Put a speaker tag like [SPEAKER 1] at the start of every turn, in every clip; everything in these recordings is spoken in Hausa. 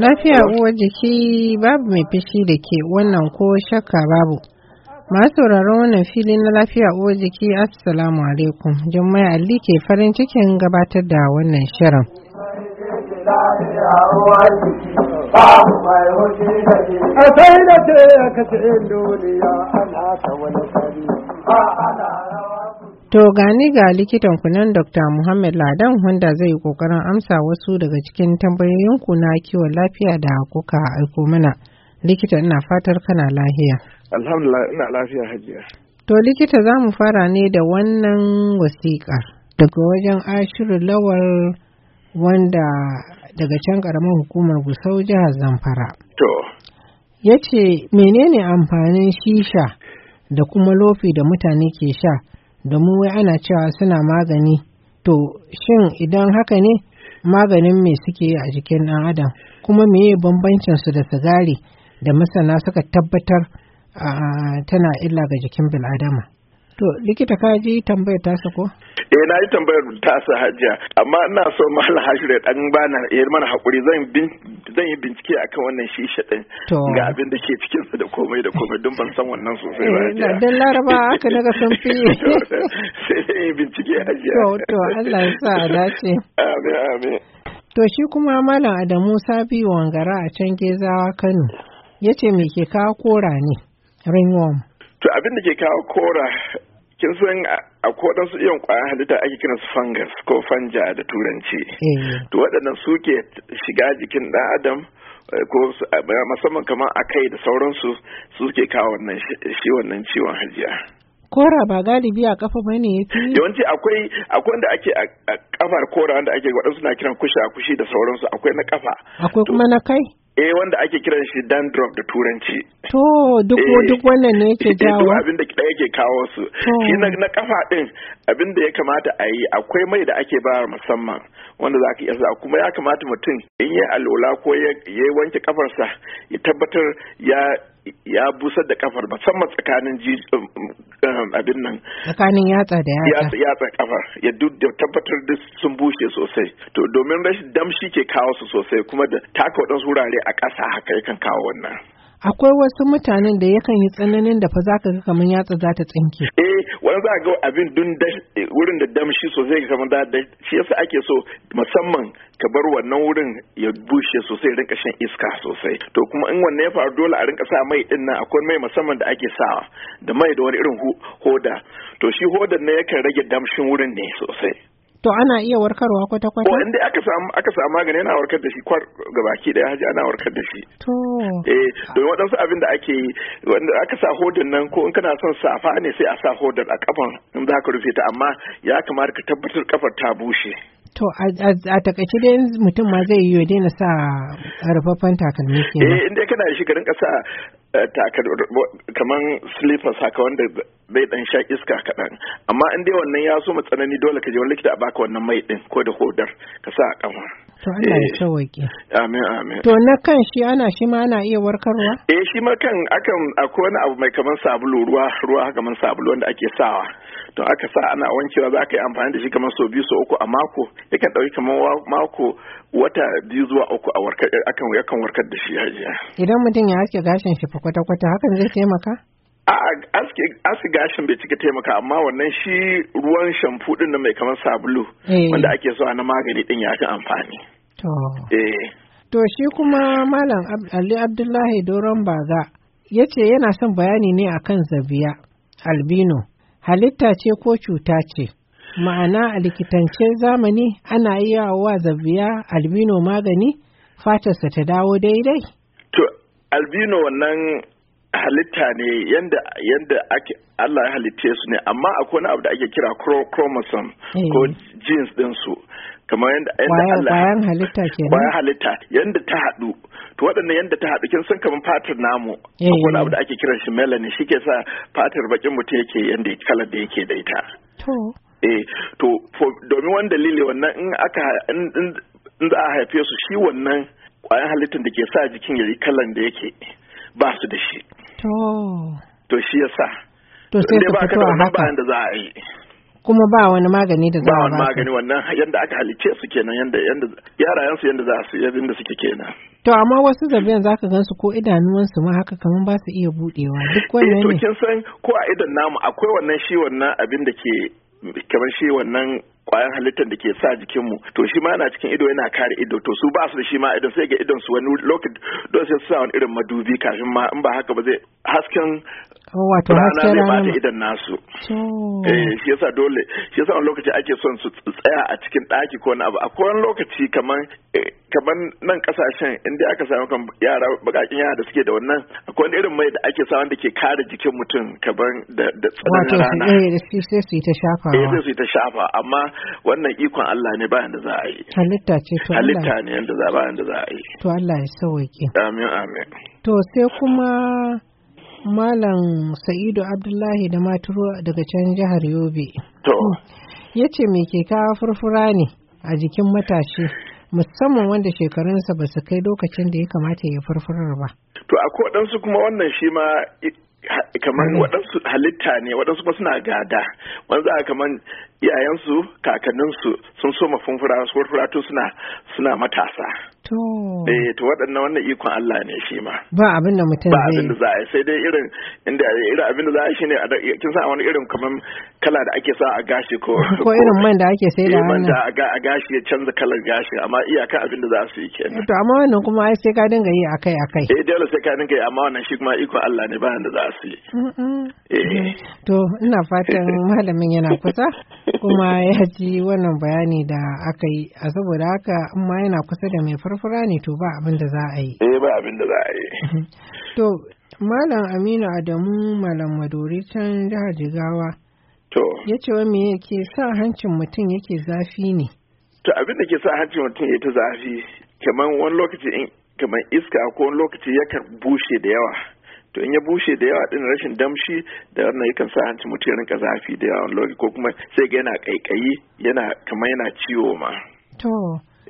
[SPEAKER 1] Lafiya uwar jiki babu mai fishi da ke wannan ko shakka babu. Masu sauraron wannan fili na lafiya uwar jiki Assalamu alaikum. Jummai Ali ke farin cikin gabatar da wannan shirin. A sai da ce duniya ana ta wani ana To gani ga likitan kunan Dr. Muhammad Ladan wanda zai kokarin amsa wasu daga cikin tambayoyinku na kiwon lafiya da kuka aiko mana. Likita ina fatar kana lafiya.
[SPEAKER 2] Alhamdulillah ina lafiya hajiya.
[SPEAKER 1] To likita za mu fara ne da wannan wasiƙar daga wajen ashiru lawar wanda daga can ƙaramin hukumar Gusau jihar Zamfara. To. Ya ce menene amfanin shisha da kuma lofi da mutane ke sha? da mu wai ana cewa suna magani to shin idan haka ne maganin me suke a jikin ɗan adam kuma meye bambancin su da sigari da masana suka tabbatar tana illa ga jikin bil'adama To likita ka ji tambayar tasa ko?
[SPEAKER 2] Eh na ji tambayar tasa hajiya amma ina so mallam Hashiru dan bana yar mana hakuri zan bin zan yi bincike akan wannan shishi din ga abin da ke cikin sa da komai da komai don ban san wannan sosai ba. Eh dan
[SPEAKER 1] Laraba aka daga san fi.
[SPEAKER 2] Sai yi bincike hajiya. To to Allah ya
[SPEAKER 1] sa a dace.
[SPEAKER 2] Amin amin.
[SPEAKER 1] To shi kuma Malam Adamu Sabi Wangara a can Gezawa Kano ya ce me ke kawo kora ne ringworm.
[SPEAKER 2] To abin da ke kawo kora kin san a su iyon kwaya halitta ake kiran su fungus ko fanja da turanci
[SPEAKER 1] eh.
[SPEAKER 2] to waɗannan suke shiga jikin ɗan adam eh, ko eh, musamman kamar a kai da sauransu suke kawo wannan shi wannan ciwon hajiya
[SPEAKER 1] kora ba galibi a kafa ba ne yafi yawanci akwai
[SPEAKER 2] akwai wanda ake a kafar kora wanda ake waɗansu na kiran a kushi da sauransu akwai na kafa
[SPEAKER 1] akwai kuma na kai
[SPEAKER 2] eh wanda ake kiran shi dandruff da turanci
[SPEAKER 1] to duk eh, duk wannan ne yake eh, jawo
[SPEAKER 2] abin da da yake kawo su shi na, na kafa din abin da ya kamata a yi akwai mai da ake bayar musamman wanda za ka iya kuma ya kamata mutum in ya alola ko ya wanke kafarsa ya tabbatar ya ya busar da kafar musamman tsakanin um, um, um, abin nan
[SPEAKER 1] tsakanin yatsa da yatsa
[SPEAKER 2] yatsa kafar ya duk da tabbatar da sun bushe sosai to domin rashin damshi ke kawo su sosai kuma da taka waɗansu wurare a ƙasa haka yakan kawo wannan
[SPEAKER 1] akwai wasu mutanen da yakan yi tsananin da fa zaka ga kamar yatsa za ta tsinke eh
[SPEAKER 2] wani za ga abin dun eh, wurin da damshi sosai kamar da shi yasa ake so musamman ka bar wannan wurin ya bushe sosai rinka shan iska sosai to kuma in wannan ya faru dole a rinka sa mai din nan akwai mai musamman da ake sawa da mai da wani irin hoda to shi hodan ne yakan rage damshin wurin ne sosai
[SPEAKER 1] To ana iya warkarwa kwata-kwata? Ko
[SPEAKER 2] aka samu aka samu magani yana warkar da shi kwar gabaki daya haji ana warkar da shi. To. Eh don waɗansu abin da ake yi wanda aka sa hodin nan ko in kana son safa ne sai a sa hodar a kafan in za ka rufe ta amma ya kamata ka tabbatar kafar ta bushe.
[SPEAKER 1] To a takaice dai mutum ma zai yi daina sa rufaffen takalmi kenan. Eh inda kana
[SPEAKER 2] shi ka rinka Eh, kaman slippers haka wanda zai dan sha iska kaɗan amma in dai wannan ya so tsanani dole ka je wani likita a baka wannan mai din ko da hodar ka sa a kanwa
[SPEAKER 1] to Allah ya eh. sauke
[SPEAKER 2] amin amin to
[SPEAKER 1] na kan shi ana shi ma ana iya warkarwa
[SPEAKER 2] eh shi ma kan akan akwai wani abu mai kaman sabulu ruwa ruwa kaman sabulu wanda ake sawa to aka sa ana wankewa za ka yi amfani da shi kamar sau biyu sau uku a mako yakan ɗauki kamar mako wata biyu zuwa uku a warkar akan yakan warkar da shi hajiya
[SPEAKER 1] idan mutum ya haske gashin shi kwata kwata hakan zai taimaka
[SPEAKER 2] aski gashin bai cika taimaka amma wannan shi ruwan shamfu din mai kamar sabulu eh. wanda ake so na magani din ya ga amfani to eh
[SPEAKER 1] to shi kuma malam ali abdullahi doron baga ya ce yana son bayani ne akan zabiya albino halitta ce ko cuta ce ma'ana a likitance zamani ana iya wa zabiya albino magani fatarsa ta dawo daidai
[SPEAKER 2] to albino wannan halitta ne yadda Allah ya halitte su ne amma akwai wani abu da ake kira chromosome ko jins. Eh. din kamar yadda Allah bayan
[SPEAKER 1] halitta ke bayan
[SPEAKER 2] halitta yadda ta haɗu to waɗannan yadda ta haɗu kin san kamar fatar namu wani eh. abu da ake kiran shi melanin shi ke sa fatar bakin mutum yake yadda kalar da yake da ita to eh to domin wani lili wannan in aka in za a haife su shi wannan kwayan halittar da ke sa jikin yayi kalan da yake ba su da shi to to shi yasa
[SPEAKER 1] to sai ka da da za a yi kuma ba wani magani da za a ba wani magani
[SPEAKER 2] wannan yadda aka halice su kenan yadda yadda yarayen su yadda za su yadda suke kenan
[SPEAKER 1] to amma wasu zabiyan zaka gan su ko idanuwansu ma haka kaman ba su iya budewa duk eh, wani ne to kin san
[SPEAKER 2] ko a idan namu akwai wannan shi wannan abin da ke kamar shi wannan kwayan halittar da ke sa jikin mu to shi ma yana cikin ido yana kare ido to su ba su da shi ma idan sai ga idon su wani lokacin don sai su sa wani irin madubi kafin ma in ba haka ba zai hasken
[SPEAKER 1] oh, wato hasken rana zai idan nasu eh
[SPEAKER 2] shi yasa dole shi yasa wani lokaci ake son su tsaya a cikin daki ko wani abu akwai wani lokaci kaman eh, kaman nan kasashen inda aka samu kan yara bakakin yara da suke da wannan akwai wani irin mai da ake sa wanda ke kare jikin mutum kaman da da tsananin rana wato
[SPEAKER 1] eh, sai su yi ta shafa eh, sai
[SPEAKER 2] su yi ta shafa amma wannan ikon Allah ne bayan da za a yi
[SPEAKER 1] halitta ce to Allah halitta ne
[SPEAKER 2] yadda za bayan da za a yi to Allah ya ke. amin amin
[SPEAKER 1] to sai kuma Malam Sa'idu Abdullahi da Maturu daga can jihar Yobe. To. Ya ce me ke kawo furfura ne a jikin matashi musamman wanda shekarunsa ba su kai lokacin da ya kamata ya furfurar ba.
[SPEAKER 2] To a waɗansu kuma wannan shi ma kamar mm. waɗansu halitta ne waɗansu ba suna gada wani za kamar iyayensu kakanninsu sun soma funfura suna matasa
[SPEAKER 1] Eh
[SPEAKER 2] to waɗannan wannan ikon Allah ne shi ma.
[SPEAKER 1] Ba abin da mutum zai. Ba abin da
[SPEAKER 2] za a sai dai irin inda irin abin da za a shi ne kin san wani irin kamar kala da ake sa a gashi ko. Ko irin man
[SPEAKER 1] da ake sai eh, da wannan. Man da
[SPEAKER 2] a gashi ya canza kalar gashi amma iyaka abin da za su yi kenan.
[SPEAKER 1] To amma wannan kuma ai sai ka dinga yi akai akai.
[SPEAKER 2] Eh dole sai ka dinga yi amma wannan shi kuma ikon Allah ne bayan da za su yi. Eh.
[SPEAKER 1] To ina fatan malamin yana kusa kuma ya ji wannan bayani da aka yi a saboda haka amma ma yana kusa da mai farfa fura ne to ba abin da za a yi.
[SPEAKER 2] Eh ba abin da za a yi. Mhm.
[SPEAKER 1] To Malam Aminu Adamu Malam Madori can jihar Jigawa. To. Ya ce wa me yake sa hancin mutum yake zafi ne.
[SPEAKER 2] To abin da ke sa hancin mutum ya ta zafi kamar wani lokaci kamar iska ko wani lokaci yakan bushe da yawa. to in ya bushe da yawa din rashin damshi da wannan yakan sa hancin mutum rinka zafi da yawa wani lokaci ko kuma sai ga yana kaikayi yana kamar yana ciwo ma to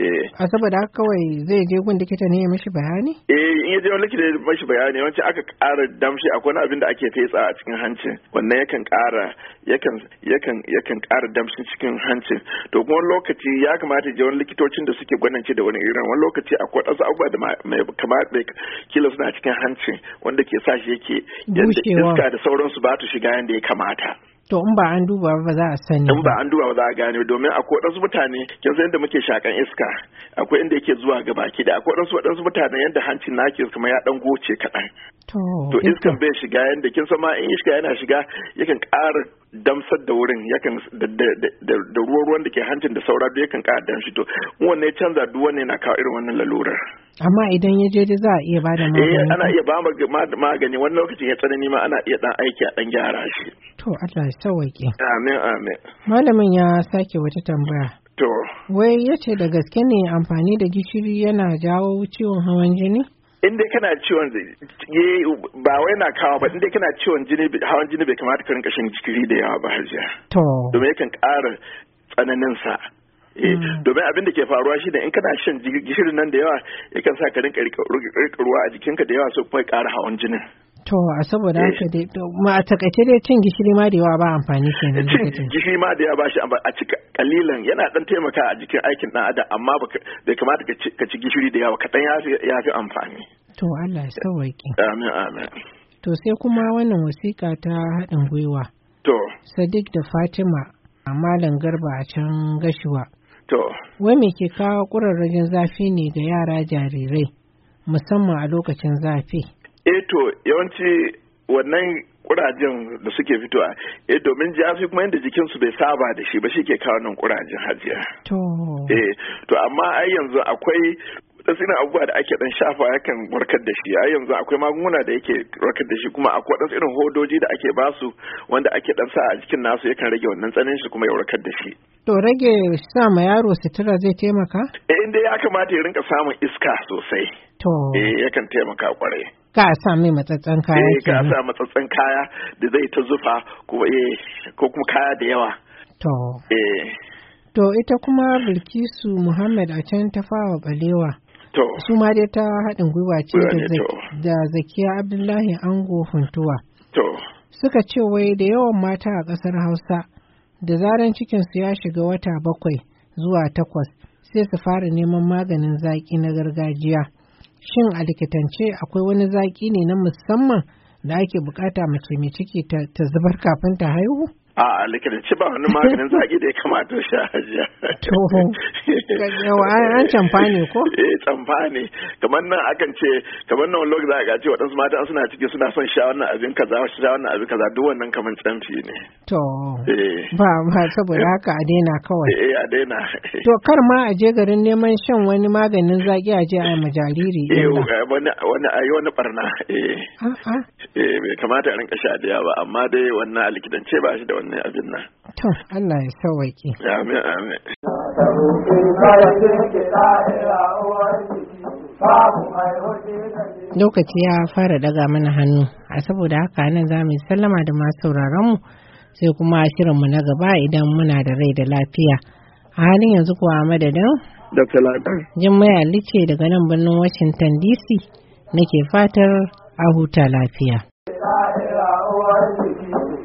[SPEAKER 2] Eh.
[SPEAKER 1] a saboda haka kawai zai je gun likita ne ya mishi bayani
[SPEAKER 2] eh in ya je wani likita ya mishi bayani wancan aka ƙara damshi a wani abin da ake fetsa a cikin hancin wannan yakan ƙara yakan yakan yakan ƙara damshi cikin hancin to kuma wani lokaci ya kamata je wani likitocin da suke gwanance da wani irin wani lokaci akwai wasu abubuwa da mai kamata kila suna cikin hancin wanda ke sa shi yake iska da sauransu ba ta shiga yadda ya kamata
[SPEAKER 1] To in ba an duba ba za a sani. In ba
[SPEAKER 2] an duba ba za a gane domin akwai wasu mutane kin san yadda muke shakan iska akwai inda yake zuwa ga baki da akwai wasu wasu mutane yadda hancin nake kuma ya dan goce kaɗan. To iskan bai shiga yadda kin san ma in iska yana shiga yakan ƙara damsar da wurin yakan da ruwan ruwan da ke hancin da saura biyu yakan ƙara damshi to wanne canza duk ne na kawo irin wannan lalurar
[SPEAKER 1] amma idan ya je za a iya ba da magani eh ana iya
[SPEAKER 2] ba magani wani lokacin ya tsanani ma ana iya dan aiki a dan gyara shi
[SPEAKER 1] to Allah ya sauke
[SPEAKER 2] amin amin
[SPEAKER 1] malamin ya sake wata tambaya to wai yace da gaske ne amfani da gishiri yana jawo ciwon hawan jini
[SPEAKER 2] In dai kana ciwon ba wai na kawo ba in inda kana ciwon jini hawan jini bai kamata ka rinka shan jikiri da yawa ba hajiya
[SPEAKER 1] to domin
[SPEAKER 2] yakan ƙara tsananin sa eh, hmm. domin abin da ke faruwa shi in kana shan gishirin nan da yawa yakan sa ka rinka ruwa a jikinka da yawa sai kuma ƙara hawan jinin
[SPEAKER 1] To a saboda eh. haka dai ma a takaice dai cin gishiri ma da yawa ba amfani kenan eh, cin gishiri
[SPEAKER 2] ma da yawa ba shi amfani a cika kalilan yana dan taimaka a jikin aikin dan adam amma bai kamata ka ci gishiri da yawa kadan ya fi amfani.
[SPEAKER 1] To Allah ya sauwaƙe.
[SPEAKER 2] Amin amin.
[SPEAKER 1] To sai kuma wannan wasiƙa ta haɗin gwiwa. To. Sadiq da Fatima a Malam Garba a can gashiwa To. Wai me ke kawo ƙurarrajin zafi ne ga yara jarirai musamman a lokacin zafi?
[SPEAKER 2] eto eh yawanci wannan kurajen da suke fitowa eh domin jafi kuma yadda jikinsu bai saba da shi ba shi ke kawo nan kurajen hajiya to eh to amma ai yanzu akwai wadansu abubuwa da ake dan shafa yakan warkar da shi a yanzu akwai magunguna da yake warkar da shi kuma akwai dan irin hodoji da ake basu wanda ake dan sa a jikin nasu yakan rage wannan tsanin shi kuma ya warkar da shi
[SPEAKER 1] to rage sa ma yaro sutura zai taimaka
[SPEAKER 2] eh inda ya kamata ya rinka samun iska sosai
[SPEAKER 1] to eh
[SPEAKER 2] yakan taimaka kwarai
[SPEAKER 1] ka sa mai matsatsen kaya eh
[SPEAKER 2] ka sa matsatsen kaya da zai ta zufa eh, ko kuma kaya da yawa
[SPEAKER 1] to eh. to ita kuma Bilkisu Muhammad a can ta fawa balewa to su ma dai ta haɗin gwiwa ce da Zakiya Abdullahi Ango Huntuwa to suka ce wai da yawan mata a ƙasar Hausa da zaran cikinsu ya shiga wata bakwai zuwa takwas sai su fara neman maganin zaƙi na gargajiya shin a likitance akwai wani zaƙi ne na musamman da ake bukata mace mai ciki ta zubar kafin ta haihu?
[SPEAKER 2] a likitanci ba wani maganin zaki da ya kamata a hajiya
[SPEAKER 1] to yawa an camfa ne ko eh
[SPEAKER 2] camfa ne kamar nan akan ce kamar nan wani lokaci ga ce waɗansu mata suna ciki suna son sha wannan abin kaza sha wannan abin kaza duk wannan kamar camfi ne to eh. ba
[SPEAKER 1] ba saboda haka a daina kawai eh a
[SPEAKER 2] daina
[SPEAKER 1] to kar ma a je garin neman shan wani maganin zaki a je a ma jariri eh, eh
[SPEAKER 2] wani wani ayi wani barna eh. Ah, ah. eh bai kamata a rinka sha da yawa amma dai wannan a likitance ba shi da ne abin nan.
[SPEAKER 1] To Allah ya sauwaƙe. Amin amin. Lokaci ya fara daga mana hannu, a saboda haka nan za mu yi sallama da masu sauraronmu sai kuma shirinmu na gaba idan muna da rai da lafiya. A halin yanzu kuwa madadin? Da talata. Jummaya Lice daga nan birnin Washington DC nake fatar a huta lafiya.